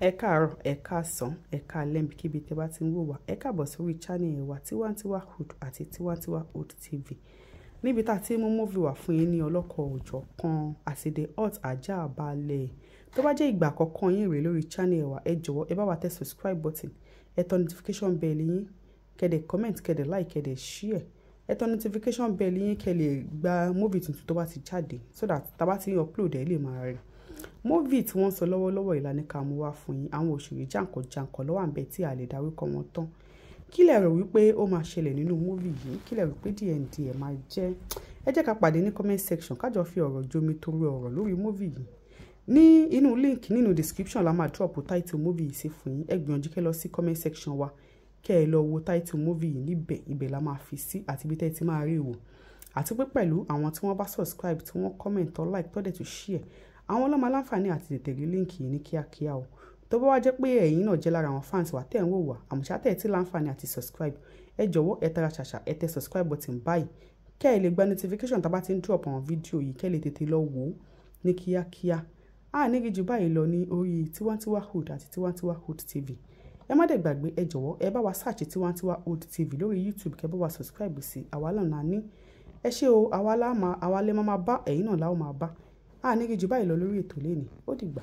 ẹ káàárọ̀ ẹ káàsán ẹ káalẹ́ níbikíbi tẹ́ bá ti ń wò wá ẹ káàbọ̀ sórí channel wa tiwantiwa hood àti tiwantiwa hood tv níbi tá a ti mú múvi wá fún yín ní ọlọ́kọ̀ òòjọ́ kan àsìdè hot ajá balẹ̀ tó bá jẹ́ ìgbà àkọ́kọ́ yín rèé lórí channel wa ẹ jọ̀wọ́ ẹ bá wa tẹ subscribe button ẹ tọ notification bell yín kẹ̀dẹ̀ comment kẹ̀dẹ̀ like kẹ̀dẹ̀ share ẹ tọ notification bell yín kẹ́ lè gba múvi tuntun tó bá ti jáde so that tá a bá ti upload ẹ lè máa rí móvì tí wọ́n ń sọ lọ́wọ́lọ́wọ́ ìlànà ká mú wá fún yín àwọn òṣèré jàǹkànjàǹkàn lọ́wọ́ à ń bẹ tí a lè dáwíkọ wọn tán kí lẹ rò wípé ó máa ṣẹlẹ̀ nínú móvì yìí kí lẹ rò pé dnd ẹ̀ máa jẹ́ ẹ jẹ́ ká pàdé ní comment section kájọ fi ọ̀rọ̀ jomi torí ọ̀rọ̀ lórí móvì yìí ní inú link nínú description la máa drop title móvì yìí sí fún yín ẹ gbìyànjú kẹ́ lọ sí comment section wa kẹ́ ẹ lọ wo title móvì yìí níbẹ̀ ibẹ̀ la máa fi sí àti ibi tẹ́ ẹ ti máa rí wò àti pé pẹ̀lú àwọn tí wọ́n bá subscribe tí wọ́n comment tó like tó dẹ̀ tó share àwọn ọlọ́mọ aláǹfààní àti tètè rí líǹkì yìí ní kíákíá o tó bá wá jẹ́ pé ẹ̀yin náà jẹ́ lára àwọn fans wa tẹ̀ ń wò wá àmọ́ṣá tẹ̀ tí láǹfààní àti subscribe ẹ jọ̀wọ́ ẹ tara ṣàṣà ẹ tẹ subscribe button báyìí kẹ́ ẹ lè gba notification tá a bá ti ń drop àwọn fídíò yìí kẹ́ ẹ lè tètè lọ wò ó ní kíákíá a ní gíjù báyìí lọ ní orí tiwantiwa hood àti tiwantiwa hood tv ẹ má dẹ̀ gbàgbé ẹ jọ̀wọ́ ẹ bá wa search tiwantiwa hood tv lórí youtube kẹ́ bá wa subscribe sí àwa lọ́nà ní ẹ ṣé o àwa lẹ́ máa bá ẹ̀yin náà láwọn máa bá a ní kí jù báyìí lọ lórí ètò lẹ́ni ó dìgbà.